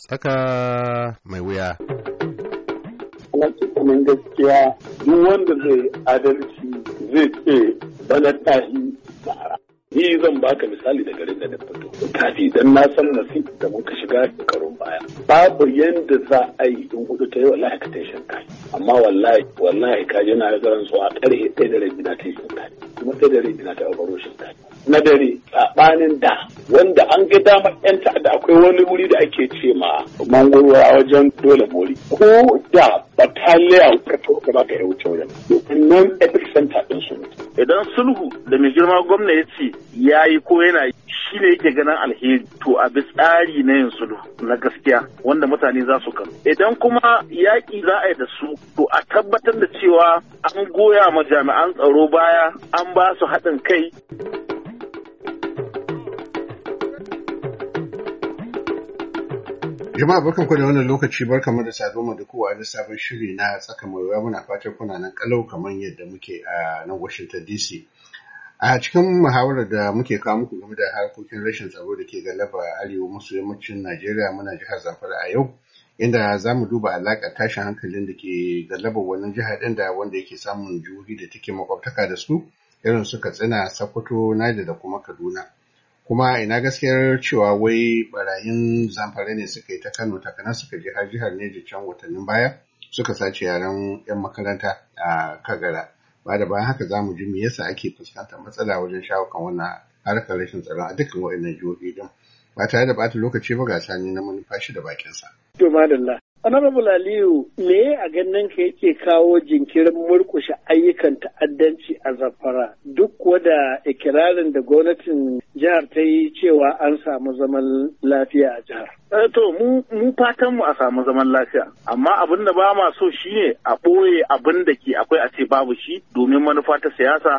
Tsaka mai wuya. Wannan gaskiya duk wanda zai adalci zai ce bana tahi tsara. Ni zan baka misali da garin da na fito. Tafi dan na san nasi da muka shiga shekarun baya. Babu yanda za a yi in hudu ta yi wa lahakatai shan kai. amma wallahi wallahi ka je na su a ƙarhe ɗaya da rabi na ta yi kuma ɗaya da rabi na ta baro na dare saɓanin da wanda an ga dama yan ta'adda akwai wani wuri da ake ce ma mangoro a wajen dole bori ko da bataliya ka to ka ba ka yi wuce wajen nan epic center ɗin su idan sulhu da mai girma gwamna ya ce ya yi ko yana shi ne yake ganin alheri to a bi tsari na yin sulhu na gaskiya wanda mutane za su karu, idan kuma yaƙi za a yi da su to a tabbatar da cewa an goya ma jami'an tsaro baya an ba su haɗin kai Jama'a barkan ku da wannan lokaci barkan mu da saduwa da kowa da sabon shiri na tsaka mai muna fatan kuna nan kalau kamar yadda muke a nan Washington DC. a cikin muhawarar da muke kawo muku game da harkokin rashin tsaro da ke galaba arewa maso yammacin najeriya muna jihar zamfara a yau inda za mu duba alaƙa tashin hankalin da ke galaba wannan jihar ɗin da wanda yake samun juri da take makwabtaka da su irin su katsina sokoto Nadi da kuma kaduna kuma ina gaskiyar cewa wai barayin zamfara ne suka yi ta kano takanan suka je har jihar neja can watannin baya suka sace yaren 'yan makaranta a kagara ba da bayan haka za mu ji me yasa ake fuskantar matsala wajen shawo kan wannan harkar rashin tsaron a dukkan waɗannan jihohi din ba tare da bata lokaci ba ga sani na manufa shi da bakin sa To madalla. Honorable Aliyu, me a ganin ka yake kawo jinkirin murkushe ayyukan ta'addanci a zafara duk wada ikirarin da gwamnatin jihar ta yi cewa an samu zaman lafiya a jihar? Eh, to mu fatan mu a samu zaman lafiya amma abin da ba ma so shine a ɓoye abin da ke akwai a ce babu shi domin manufa ta siyasa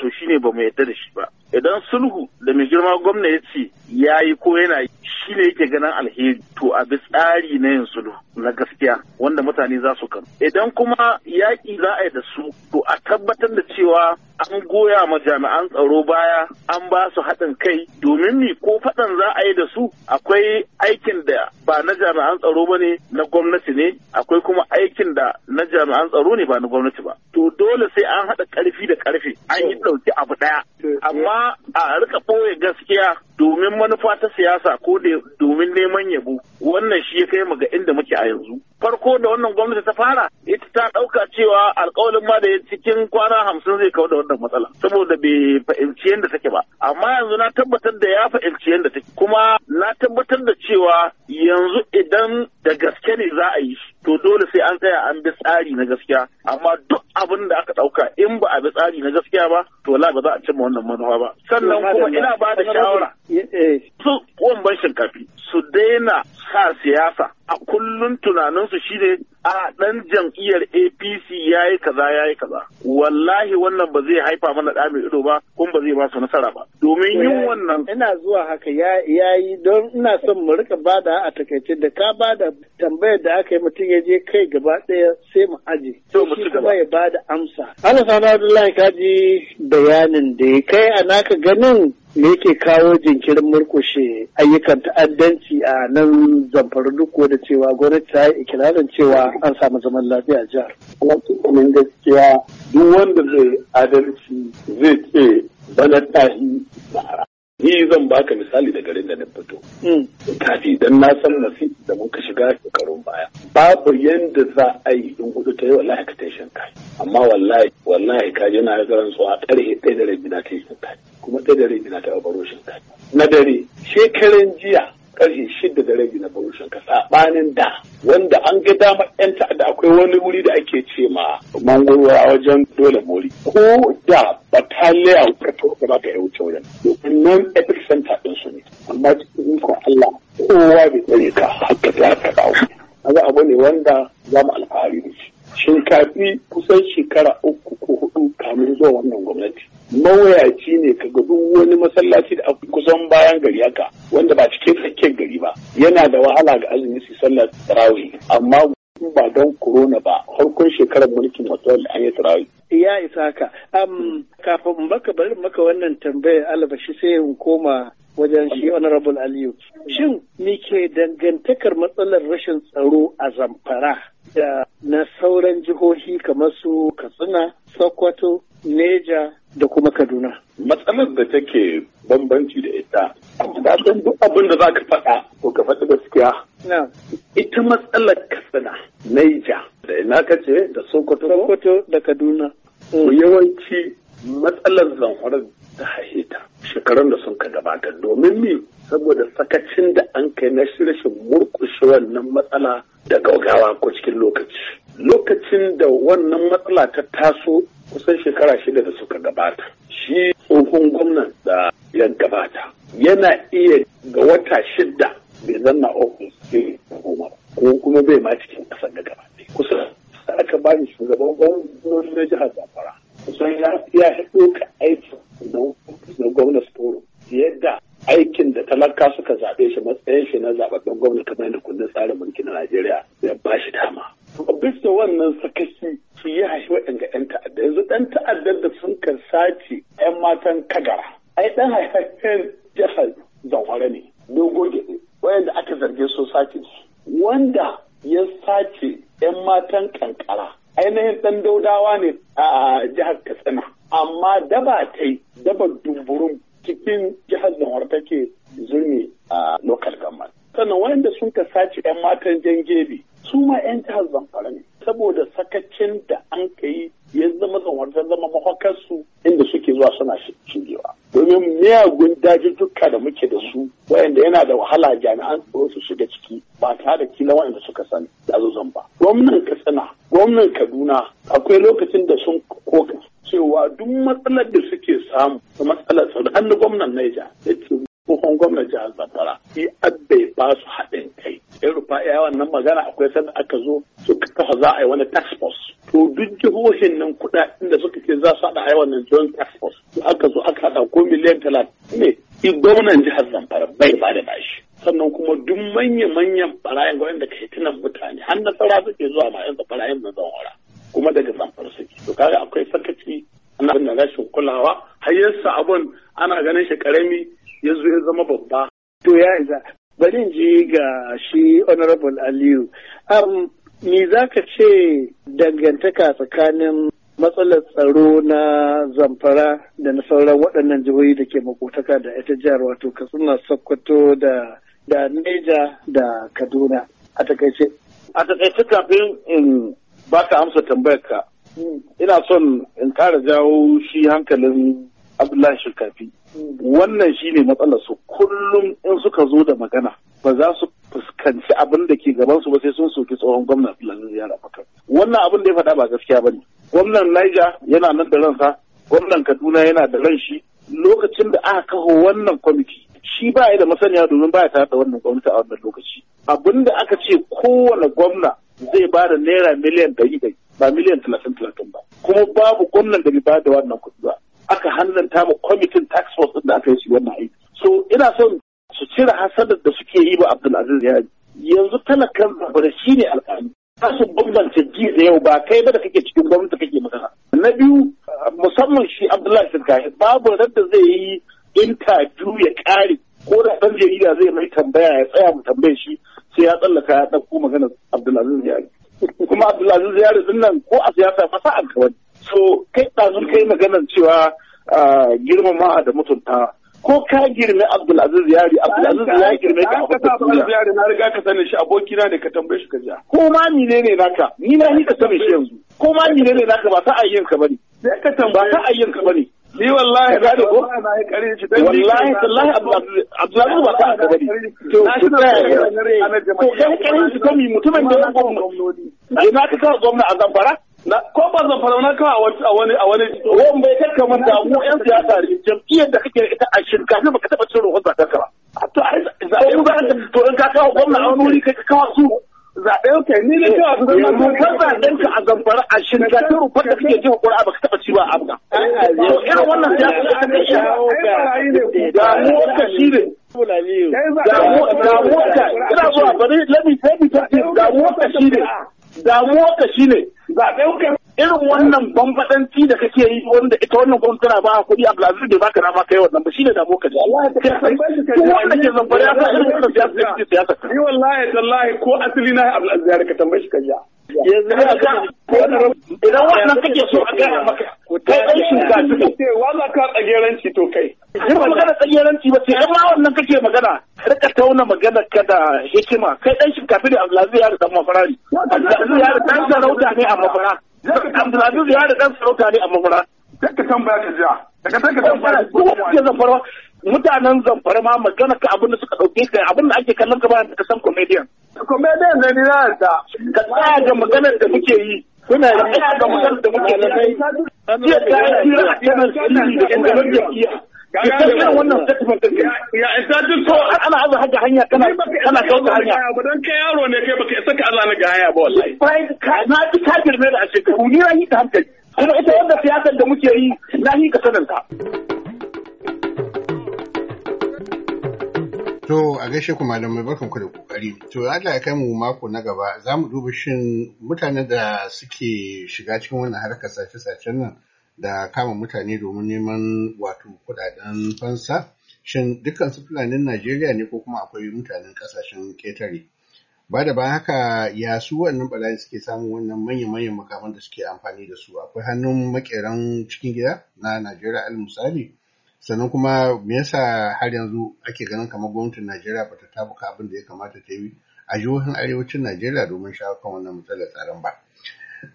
to shine ba mu yarda da shi ba idan sulhu da mai girma gwamna ya ce ya yi ko yana yi shi ne yake ganin alheri to a bi tsari na yin sulhu na gaskiya wanda mutane za su kan idan kuma yaƙi za a yi da su to a tabbatar da cewa an goya ma jami'an tsaro baya an ba su haɗin kai suka yi domin mi ko faɗan za a yi da su akwai aikin da ba na jami'an tsaro ba ne na gwamnati ne akwai kuma aikin da na jami'an tsaro ne ba na gwamnati ba to dole sai an haɗa ƙarfi da ƙarfe an yi ɗauki abu ɗaya amma a rika ɓoye gaskiya domin manufa ta siyasa ko domin neman yabo wannan shi ya kai mu ga inda muke a yanzu farko da wannan gwamnati ta fara cewa alkawalin ma da cikin kwana hamsin zai kawo da wannan matsala saboda bai fahimci yadda take ba amma yanzu na tabbatar da ya fahimci yadda take kuma na tabbatar da cewa yanzu idan da gaske ne za a yi to dole sai an tsaya an bi tsari na gaskiya amma duk abin da aka ɗauka in ba a bi tsari na gaskiya ba to la ba za a cimma wannan manufa ba sannan kuma ina ba da shawara eh, eh. su kuwan ban shinkafi su daina sa siyasa a kullum tunaninsu shine a ɗan jam'iyyar APC ya yi kaza ya yi kaza. Wallahi wannan ba zai haifa mana ɗa mai ido ba kuma ba zai ba su nasara ba. Domin yin eh, wannan. Ina zuwa haka ya yi don ina son mu rika bada a takaice da ka bada tambayar da aka yi mutum ya je kai gaba ɗaya sai mu aje. To mu ci gaba. ya bada amsa. Allah sana Abdullahi ka ji bayanin da ya kai a naka ganin me yake kawo jinkirin murkushe ayyukan ta'addanci a nan zamfara duk da cewa gwamnati ta yi ikirarin cewa an samu zaman lafiya a jihar. Wannan gaskiya duk wanda zai adalci zai ce bana tahi Ni zan baka misali da garin da na fito. Kafi hmm. dan na san nasi da muka shiga shekarun baya. Babu yanda za a yi in kudu ta yi wallahi ka yi shankai. Amma wallahi wallahi ka je na su a ƙarfe ɗaya da rabi na ta yi Kuma ɗaya da rabi na ta baro shankai. Na dare shekaran jiya karfe shida da rabi na barushin ka sabanin da wanda an ga dama yan ta'adda akwai wani wuri da ake ce ma mangoro a wajen dole mori ko da bataliya ka to ba ka yi wuce wajen nan epic center din su ne amma cikin ko Allah kowa bai tsare ka hakka ta ka dawo kaga abu ne wanda za mu alfahari da shi shinkafi kusan shekara uku ko hudu kamin zuwa wannan gwamnati mawuyaci ne ka ga duk wani masallaci da kusan bayan gari haka wanda ba cikin tsakiyar gari ba yana da wahala ga azumi su sallar tarawih amma ba don corona ba harkon shekarar mulkin wato an yi tarawih ya isa ka kafin baka bari maka wannan tambayar albashi sai in koma wajen shi honorable aliyu shin me ke dangantakar matsalar rashin tsaro a zamfara da na sauran jihohi kamar su katsina sokoto Neja da kuma Kaduna. Matsalar da take bambanci da ita, da san duk abin da za ka faɗa ko ka faɗi gaskiya. Ita matsalar Katsina, Neja, da ina ka ce da Sokoto. Sokoto da Kaduna. Yawanci matsalar zanhorar ta haiheta shekarun da sun ka gabata domin mi saboda sakacin da an kai na rashin murkushe wannan matsala da gaugawa ko cikin lokaci. Lokacin da wannan matsala ta taso kusan shekara shida da suka gabata shi tsohon gwamnan da ya gabata yana iya ga wata shida bai zanna ofis ke goma ko kuma bai ma cikin kasar da gaba kusan aka ba ni shugaban gwamnati na jihar zamfara kusan ya ka aiki na gwamnati toro yadda aikin da talaka suka zaɓe shi matsayin shi na zaɓaɓɓen gwamnati kamar yadda kundin tsarin mulki na Najeriya ya ba shi dama. Bisa wannan sakaci amma daba ta yi daba dumburin cikin jihar Zamfara take zurmi a local government. Sannan wanda sun ka sace 'yan matan jan gebe su ma 'yan jihar Zamfara ne saboda sakacin da an ka yi ya zama Zamfara ta zama mahaukarsu inda suke zuwa suna shigewa. Domin miyagun duka da muke da su wayanda yana da wahala jami'an tsaro su shiga ciki ba tare da kila wayanda suka sani da zo ba. Gwamnan Katsina, gwamnan Kaduna akwai lokacin da sun koka cewa duk matsalar da suke samu da matsalar sau da hannu gwamnan Naija ya ce tsohon gwamnan jihar Zamfara shi abbe ba su haɗin kai. Yan rufa ya wannan magana akwai sanda aka zo suka kafa za a yi wani task force. To duk jihohin nan kuɗaɗen da suka ce za su haɗa a yi wannan joint task force. Aka zo aka haɗa ko miliyan talatin ne. Gwamnan jihar Zamfara bai ba da bashi. sannan kuma duk manya-manyan barayin da ke tunan mutane har nasara suke zuwa ma yanzu barayin na zan kuma daga to kaga akwai sakaci ana da rashin kulawa har yasa abun ana ganin shi karami ya zo ya zama babba to ya isa bari in ji ga shi honorable aliyu um, ni za ka ce dangantaka tsakanin matsalar tsaro na zamfara da na sauran waɗannan jihohi da ke makotaka da ita jihar wato katsina sokoto da da neja da kaduna a takaice a takaice kafin in ba ka amsa tambayar ka ina son in ƙara jawo shi hankalin abdullahi shinkafi wannan shi ne su kullum in suka zo da magana ba za su fuskanci abin da ke gaban ba sai sun soki tsohon gwamna Abdulaziz Yar Abubakar wannan abin da ya faɗa ba gaskiya ba ne. gwamnan Niger yana nan da ransa gwamnan Kaduna yana da ran shi lokacin da aka kawo wannan kwamiti shi ba ya da masaniya domin ba ya tare da wannan gwamnati a wannan lokaci abin da aka ce kowane gwamna zai ba da naira miliyan ɗari ɗari ba miliyan talatin talatin ba kuma babu gwamnan da bai da wannan kuɗi ba aka hannanta ma kwamitin tax force din da aka yi shi wannan aiki so ina son su cire hasadar da suke yi ba Abdulaziz ya yanzu talakan zabara shi ne alƙali ba su bambance ji da yau ba kai ba da kake cikin gwamnati kake magana na biyu musamman shi Abdullahi Sirkahi babu da zai yi interview ya ƙare ko da ɗan jarida zai mai tambaya ya tsaya mu tambaye shi sai ya tsallaka ya ɗauko maganar Abdulaziz Yari. kuma Abdulaziz Yari din nan ko a siyasa fa sa'a kawai so kai ɗazun kai maganar cewa girmama da mutunta ko ka girme Abdulaziz ziyari, Abdulaziz ya girme ka Abdulaziz Yari na riga ka sani shi abokina ne ka tambaye shi ka ja ko ma ni ne naka ni na ni ka sani shi yanzu ko ma mine ne naka ba ta ayyanka ka bane sai ka tambaye ba ta ayyanka ka bane Ni wallahi za da ko? Wallahi tallahi Abdullahi ba ka aka bari. To ku tsaya To kai karin su kami mutumin da ya gwamna. Ina ka kawo gwamna a Zamfara? Ko ba Zamfara na kawo a wani a wani. Wani bai kakka manta mu 'yan siyasa ne jam'iyyar da kake ita a shirka ba ka taɓa cin rohon zaɓen ka ba. To ai zaɓen zaɓen to in ka kawo gwamna a wani wuri ka kawo su. zaɓen eh, ka ni ne kawai su zaɓen ka a zamfara a shirka ta da kake jiha ƙura ba ka taɓa ci ba a Afgan. irin wannan siyasa da aka iya damuwar ka shi ne damuwar ka ina zuwa bari lami lami ta damuwar ka shi ne damuwar ka shi ne irin wannan bambadanci da kake yi wanda ita wannan gwamnati tana ba kuɗi a Brazil bai baka dama kai wannan ba shine da ji wanda ke zambare ya irin wannan siyasa da siyasa ni wallahi tallahi ko asali na Abdul Aziz ka tambaye shi ka ja idan wannan kake so a gaya maka kai ɗan shuka suka ce wa za ka tsageranci to kai. Yin magana tsageranci ba sai in ma wannan kake magana rika tauna magana ka da hikima kai ɗan shuka fi da Abdulaziz Yari dan Mafarari. Abdulaziz Yari dan sarauta ne a Mafara. Abdulaziz da dan sarauta ne a Mafara. Dakka tambaya ka jiya. Daga sai tambaya. Duk wanda zamfara mutanen zamfara ma magana ka abin da suka ɗauke ka abin da ake kallon ka ba ka san comedian. Comedian ne ni na yarda. Ka tsaya ga maganar da muke yi. kuna yi da mutum da muke malamai yi kira a kanan sirri da yan wannan statement ya isa duk ko ana azu hanya kana kana kauta hanya ba dan kai yaro ne kai baka Allah na ga haya ba wallahi na ji ka girme da a shekaru ni na hankali kuma ita wanda siyasar da muke yi na yi ka ka To a gaishe ku malamai barkan ku da kokari. To Allah ya kai mu mako na gaba za mu duba shin mutanen da suke shiga cikin wannan harkar sace-sacen nan da kama mutane domin neman wato kudaden fansa shin dukkan su fulanin Najeriya ne ko kuma akwai mutanen kasashen ketare. Ba da ban haka ya su wannan bala'i suke samun wannan manya-manyan makaman da suke amfani da su akwai hannun makeran cikin gida na Najeriya al misali. sannan kuma me yasa har yanzu ake ganin kamar gwamnatin Najeriya bata tabuka abin da ya kamata ta yi a jihohin arewacin Najeriya domin shawo kan wannan matsalar tsaron ba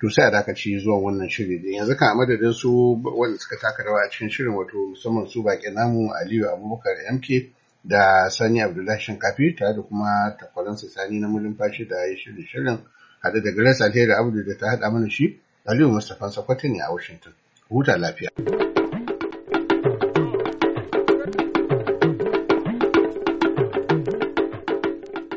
to sai a dakaci zuwa wannan shiri din yanzu kan a madadin su wanda suka taka rawa a cikin shirin wato musamman su baki namu Aliyu Abubakar MK da Sani Abdullahi Shinkafi tare da kuma takwaransa Sani na mulin fashi da ya shirin shirin haɗe da Grace Alheri Abdu da ta haɗa mana shi Aliyu Mustapha Sakwato ne a Washington huta lafiya